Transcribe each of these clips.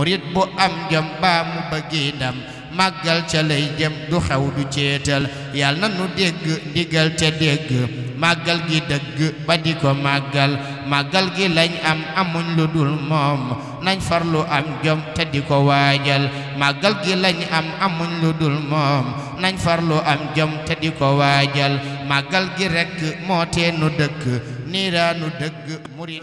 murit bu am jom ba mu bëggee ndam màggal ca lay jëm du xew du ceetal yàlla nu dégg ndigal te dégg màggal gi dëgg ba di ko màggal màggal gi lañ am amuñ lu dul moom nañ farlu am jom te di ko waajal màggal gi lañ am amuñ lu dul moom nañ farlu am jom te di ko waajal màggal gi rekk moo tee nu dëkk niiraanu dëgg murit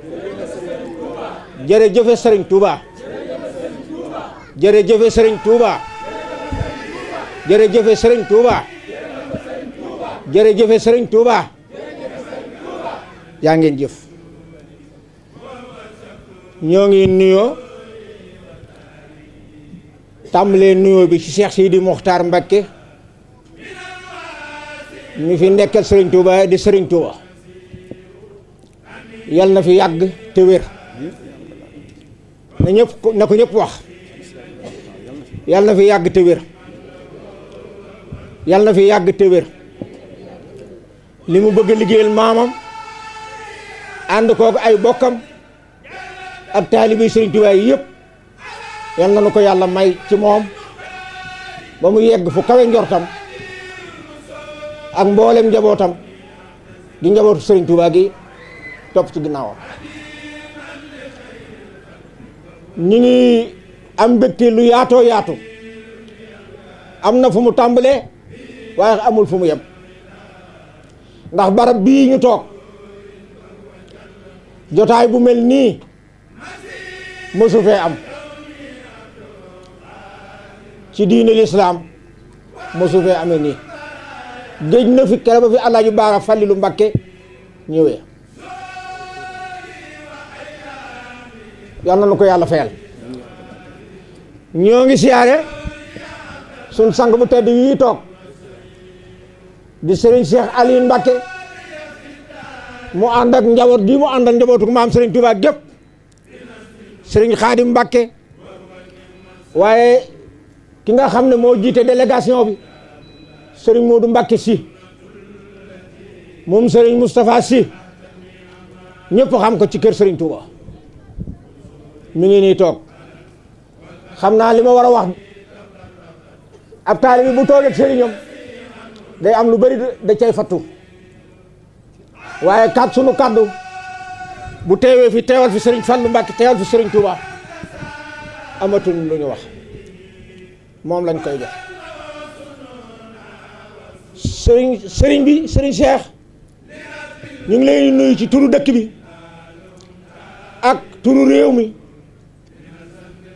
jërëjëfe sëriñ Touba jëfe sëriñ Touba jërëjëfe sëriñ Touba jërëjëfe sëriñ Touba yaa ngeen jëf ñoo ngi nuyoo tàmbalee nuyoo bi ci Cheikh Sidi Mokhtar Mbacké mi fi nekkal sëriñ Touba di sëriñ Touba yal na fi yàgg te wér na ñëpp na ko ñëpp wax yàlla na fi yàgg te wér na fi yàgg te li mu bëgg liggéeyal maamam ànd koog ay bokkam ak taalibe Sëriñ yépp yëpp yal na nu ko yàlla may ci moom ba mu yegg fu kawe njortam ak mboolem njabootam di njabootu Sëriñ Tuubaa gi topp ci ginnaawam ñi ngi am mbégte lu yaatoo yaatu am na fu mu tàmbalee waaye amul fu mu yem ndax barab bii ñu toog jotaay bu mel nii mësu fee am ci diine lislaam mësu fee amee nii géej na fi kere ba fi Alaaji Baara Falilu Mbàkke ñëwee yal na nu ko yàlla fayal ñoo ngi siyaare sun sang bu tedd wii toog di Serigne Cheikh Aliou Mbacké mu ànd ak njaboot gi mu ànd ak njabootu maam Serigne Touba gépp sëriñ Khadim Mbacké waaye ki nga xam ne moo jiite délégation bi sëriñ Modou Mbacké si moom sëriñ Moustapha si ñëpp xam ko ci kër sëriñ Touba mu ngi nii toog xam naa li ma war a wax ab taali bi bu toogee ak sëriñam day am lu bëri da cay fattu waaye kat sunu kàddu bu teewee fi teewal fi sëriñ Fallu Mbàkke teewal fi sëriñ Tuuba amatuñ lu ñu wax moom lañ koy jox sëriñ sëriñ bi sëriñ Cheikh ñu ngi leen nuyu ci turu dëkk bi ak turu réew mi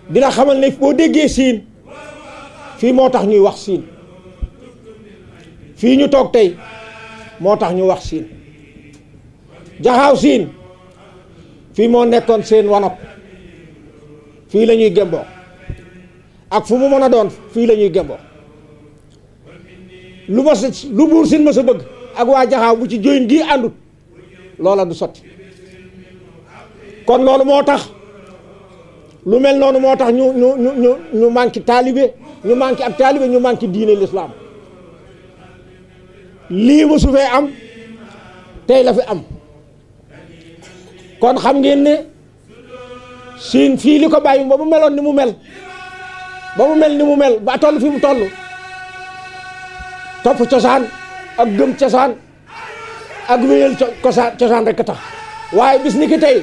dina xamal ne boo déggee siin fii moo tax ñuy wax siin fii ñu toog tey moo tax ñu wax siin jaxaw siin fii moo nekkoon seen wanop fii la ñuy gémboo ak fu mu mën a doon fii la ñuy gémboo lu ma sa lu buur siin ma sa bëgg ak waa jaxaw bu ci joyin gii àndut loola du sotti kon loolu moo tax lu mel noonu moo tax ñu ñu ñu ñu manqué taalibe ñu manqué ak taalibe ñu manqué diine l'islam lii mu su fee am tey la fi am kon xam ngeen ne siin fii li ko bàyyi ba mu meloon ni mu mel ba mu mel ni mu mel ba toll fi mu toll topp cosaan ak gëm cosaan ak wéyal cosaan cosaan tax waaye bis ni ki tey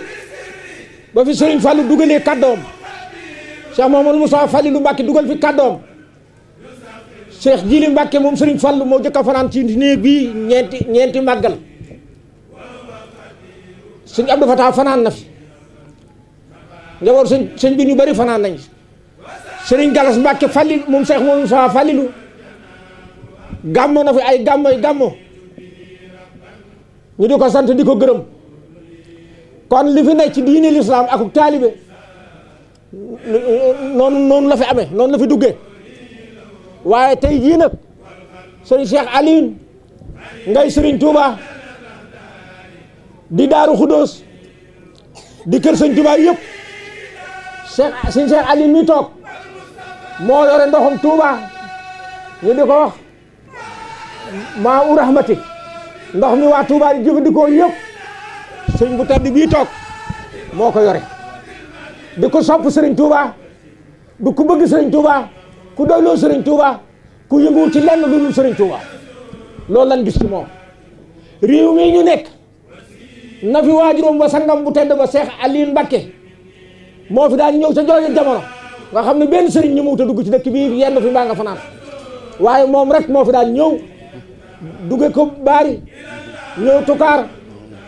ba fi Serigne Fallou dugalee kàddoom Cheikh Mouhamadou Moussa Fallilou Mbacke dugal fi kàddoom Cheikh Jili Mbacke moom sëriñ Fallou moo jëkk a fanaan ci néeg bii ñeenti ñeenti màggal sëñ Abdou Fatah fanaan na fi njaboot sëñ sëñ ñu bari fanaan nañ Serigne Galas Mbacke Fallilou moom Cheikh Mouhamadou Moussa Fallilou gàmmo na fi ay gàmmoy gàmmo ñu di ko sant di ko gërëm kon li fi ci diine lislaam akuk taalibe noonu noonu la fi amee noonu la fi duggee waaye tey jii nag sëriñ Cheikh Alioune ngay sëriñ Touba di Daaru Xudóos di kër sëñ Touba yëpp Cheikh sëñ Cheikh mi toog moo ndoxum Touba ñu di ko maa u rahmati ndox mi waa Touba di jëfandikoo yëpp sëriñ bu tedd bii toog moo ko yore di ko sopp sëriñ Touba di ku bëgg sëriñ Touba ku doyloo sëriñ Touba ku yënguwul ci lenn lu dul sëriñ Touba loolu lan gis ci moom réew mi ñu nekk na fi waajuróom ba sangam bu tedd ba Seex Aliin Mbakke moo fi daañu ñëw sa jooju jamono nga xam ne benn sëriñ ñu mu ta dugg ci dëkk bii yenn fi mbaa nga fanaan waaye moom rek moo fi daal ñëw dugge ko baari ñëw tukaar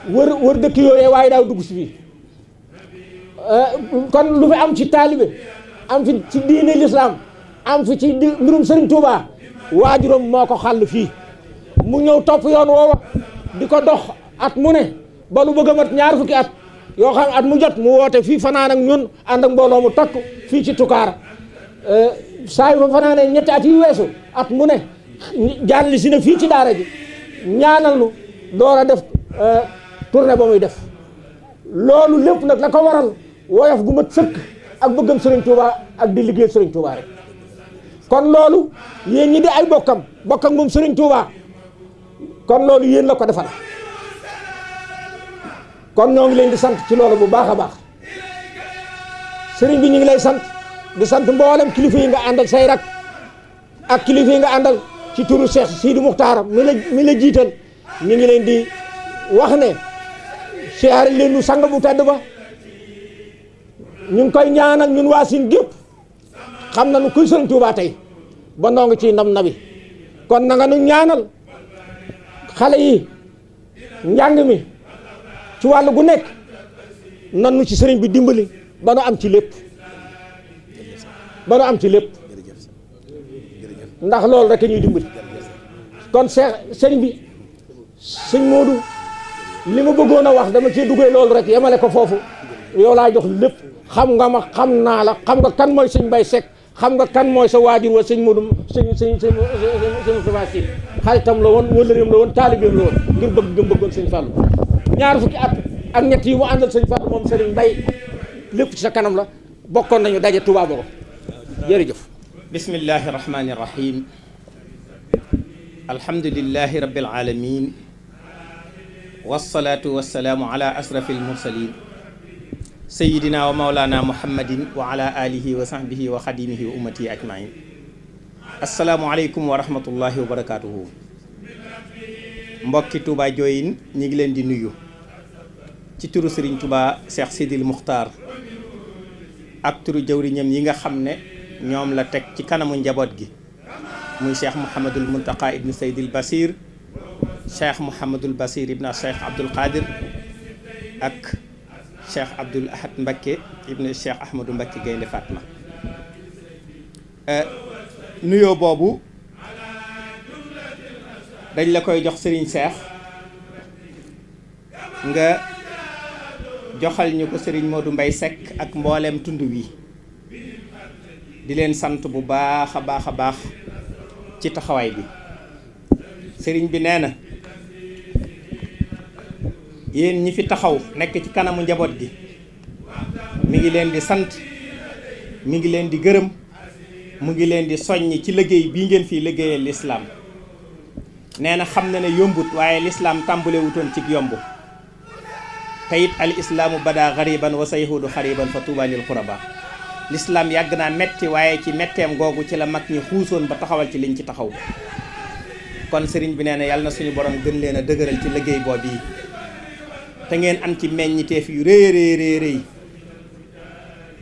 wër wër dëkk yooyee waaye daaw dugg si fii eh, kon lu fi am ci taalibe am fi ci diine lislaam am fi ci mbirum Serigne Touba waajuram moo ko xàll fii mu ñëw topp yoon woowa di ko dox at mu ne ba lu bëgg mat ñaar fukki at yoo xam at mu jot mu woote fii fanaan ak ñun ànd ak mbooloo mu takk fii ci Toucar eh, saa yu fa fanaanee ñetti at yi weesu at mu ne jàll si na fii ci daara ji ñaanal lu door a def eh, tourné ba muy def loolu lépp nag la ko waral woyof gu ma sëkk ak bëggam Serigne Touba ak di liggéey Serigne Touba rek kon loolu yéen ñi di ay bokkam bokkam moom Serigne Touba kon loolu yéen la ko defal kon ñoo ngi leen di sant ci loolu bu baax a baax Serigne bi ñu ngi lay sant di sant mboolem kilifa yi nga àndal say rak ak kilifa yi nga àndal ci turu Cheikh Sidi Moukhtar mi la mi la jiital ñu ngi leen di wax ne. siyaare leen nu sang bu tedd ba ñu ngi koy ñaanal ñun waa siin gépp xam na nu kuy sëriñ Tuubaa tey ba noo ngi ciy ndam na bi kon na nu ñaanal xale yi njàng mi ci wàll gu nekk nan nu ci sëriñ bi dimbali ba nu am ci lépp ba nu am ci lépp ndax loolu rek ñuy dimbali kon seex sëriñ bi sëñ Moodu ni ma bëggoon a wax dama ciy duggee loolu rek yemale ko foofu yow laa jox lépp xam nga ma xam naa la xam nga kan mooy sëñ Mbay Sekk xam nga kan mooy sa waajur wa sëñ Modou sëñ sëñ sëñ sëñ Moustapha Sy xaritam la woon wëllëreem la woon taalibeem la woon ngir bëgg gëm bëggoon sëñ Fallu ñaari fukki at ak ñett yi mu àndal sëñ Fallu moom sëriñ Mbay lépp sa kanam la bokkoon nañu daje Touba Bogo jërëjëf bismillahi rahmani rahim alhamdulillahi rabbil alamin wasalaatu wasalaamu ala asrafi almursalin sayidina wa maolana muhammadin wa ala alihi wa sahbihi wa xadimihi wa ummati ajmain asalaamualeykum wa rahmatullahi wa barakatuhu mbokki Touba Diohine ñi ngi leen di nuyu ci turu Serigne Touba Cheikh Sidil Muxtaar ak turu jëwriñam yi nga xam ne ñoom la teg ci kanamu njaboot gi muy Cheikh Mouhamadul Muntaqa ibnu Seydil Basir cheikh Mouhamadul Basir ibn cheikh Abdul Qadir ak cheikh Abdul Ahad Mbakke ibn cheikh Ahmadou Mbakke Gaynde Fatma nuyoo boobu dañ la koy jox Serigne Cheikh nga joxal ñu ko Serigne Modou Mbaye Seck ak mbooleem tund wi di leen sant bu baax a baax ci taxawaay bi Serigne bi nee yéen ñi fi taxaw nekk ci kanamu njaboot gi mi ngi leen di sant mi ngi leen di gërëm mu ngi leen di soññ ci liggéey bii ngeen fi liggéeyee lislaam nee na xam na ne yombut waaye lislaam tàmbulewutoon cig yomb te it al islaamu bada xariban wa sayhudu xariban fa tuuba lil xuraba lislaam yàgg naa metti waaye ci metteem googu ci la mag ñi xuusoon ba taxawal ci liñ ci taxaw kon sëriñ bi nee na yàlla na suñu borom gën leen a dëgëral ci liggéey boobu yi te ngeen am ci meññiteef yu re. rëy rëy rëy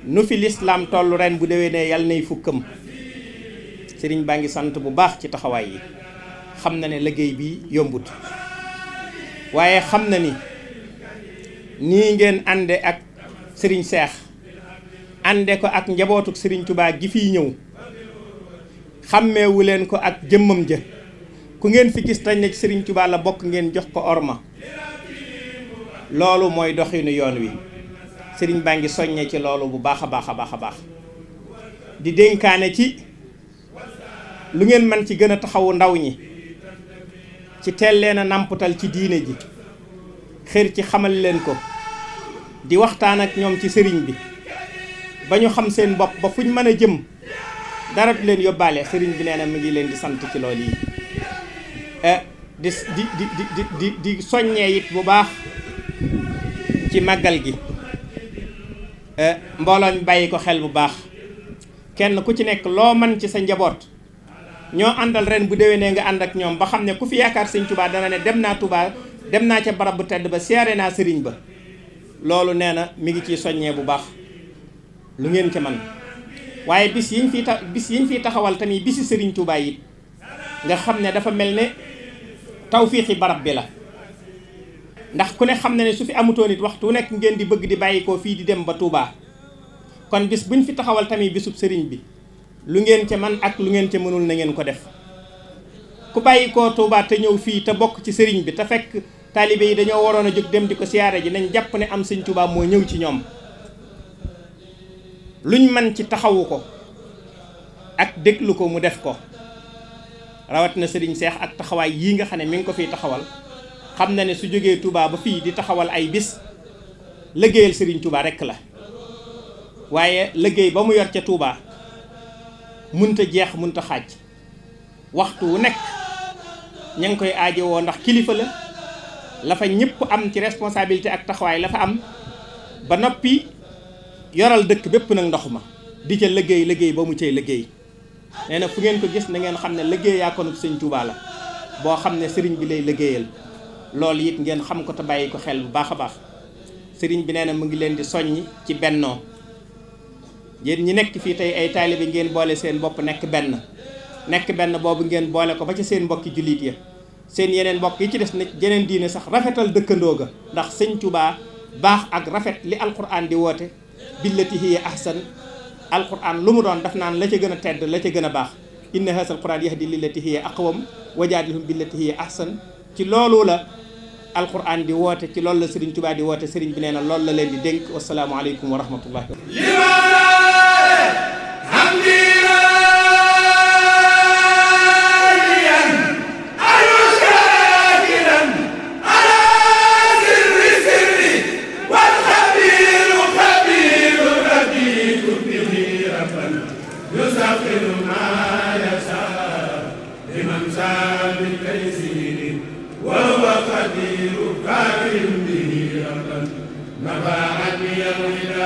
nu fi lislaam tollu ren bu ne yàlla nay fukkam sëriñ baa ngi sant bu baax ci taxawaay yi xam na ne liggéey bi yombut waaye xam na ni nii ngeen ànde ak sëriñ seex ànde ko ak njabootuk sëriñ tubaa gi fii ñëw xàmmeewu leen ko ak jëmmam ja ku ngeen fi gis tañ ne ci sëriñ tubaa la bokk ngeen jox ko orma loolu mooy doxinu yoon wi sëriñ baa ngi soññee ci loolu bu baax a baax a baax a baax di dénkaane ci lu ngeen man ci gën a taxawu ndaw ñi ci teel leen a nàmputal ci diine ji xër ci xamal leen ko di waxtaan ak ñoom ci sëriñ bi ba ñu xam seen bopp ba fuñ mën a jëm dara du leen yóbbaale sëriñ bi nee mu ngi leen di sant ci lool yi eh, di di di di di soññee it bu baax ci màggal gi eh, mbooloo mi bàyyi ko xel bu baax kenn ku ci nekk loo man ci sa njaboot ñoo àndal ren bu déwénee nga ànd ak ñoom ba xam ne ku fi yaakaar sëñ Touba dana ne dem naa Touba dem naa ca barab bu tedd ba siyaare naa sëriñ ba loolu nee na mi ngi ciy soññee bu baax lu ngeen ca man waaye bis yiñ fi ta bis yiñ fiy taxawal tamit bisi sëriñ Touba yi nga xam ne dafa mel ne tawfiixi barab bi la ndax ku ne xam na ne su fi amutoo nit waxtu nekk ngeen di bëgg di bàyyikoo fii di dem ba Touba kon bis buñ fi taxawal tamit bisub sëriñ bi lu ngeen ca man ak lu ngeen ca mënul na ngeen ko def ku bàyyikoo tuubaa te ñëw fii te bokk ci sëriñ bi te fekk taalibe yi dañoo waroon a jóg dem di ko siyaare ji nañ jàpp ne am sëñ Touba moo ñëw ci ñoom luñ man ci taxawu ko ak déglu ko mu def ko rawat na sëriñ Seex ak taxawaay yii nga xam ne mi ngi ko fiy taxawal xam na ne su jógee Touba ba fii di taxawal ay bis liggéeyal sëriñ Touba rekk la waaye liggéey ba mu yor ca Touba munta jeex munta xaaj waxtu wu nekk ña ngi koy aajowoo ndax kilifa la la fa ñëpp am ci responsabilité ak taxawaay la fa am ba noppi yoral dëkk bépp nag ndox ma di ca liggéey liggéey ba mu cay liggéey nee na fu ngeen ko gis na ngeen xam ne liggéey yaa ko sëñ Touba la boo xam ne sëriñ bi lay liggéeyal loolu it ngeen xam ko te bàyyi ko xel bu baax a baax sëriñ bi nee na mu ngi leen di soññ ci bennoo yéen ñi nekk fii tey ay taalibe ngeen boole seen bopp nekk benn nekk benn boobu ngeen boole ko ba ci seen mbokki jullit ya seen yeneen mbokk yi ci des na jeneen diine sax rafetal dëkkandoo ga ndax sëñ Tuubaa baax ak rafet li alquran di woote billati hiya ahsan alquran lu mu doon daf naan la ca gën a tedd la ca gën a baax inna haasal quran yahdi lillati hiya aqwam wajaadilhum billati hiya ahsan ci loolu la alquran di woote ci loolu la Serigne Touba di woote Serigne bi neena na loolu la leen di dénk alaykum wa rahmatullah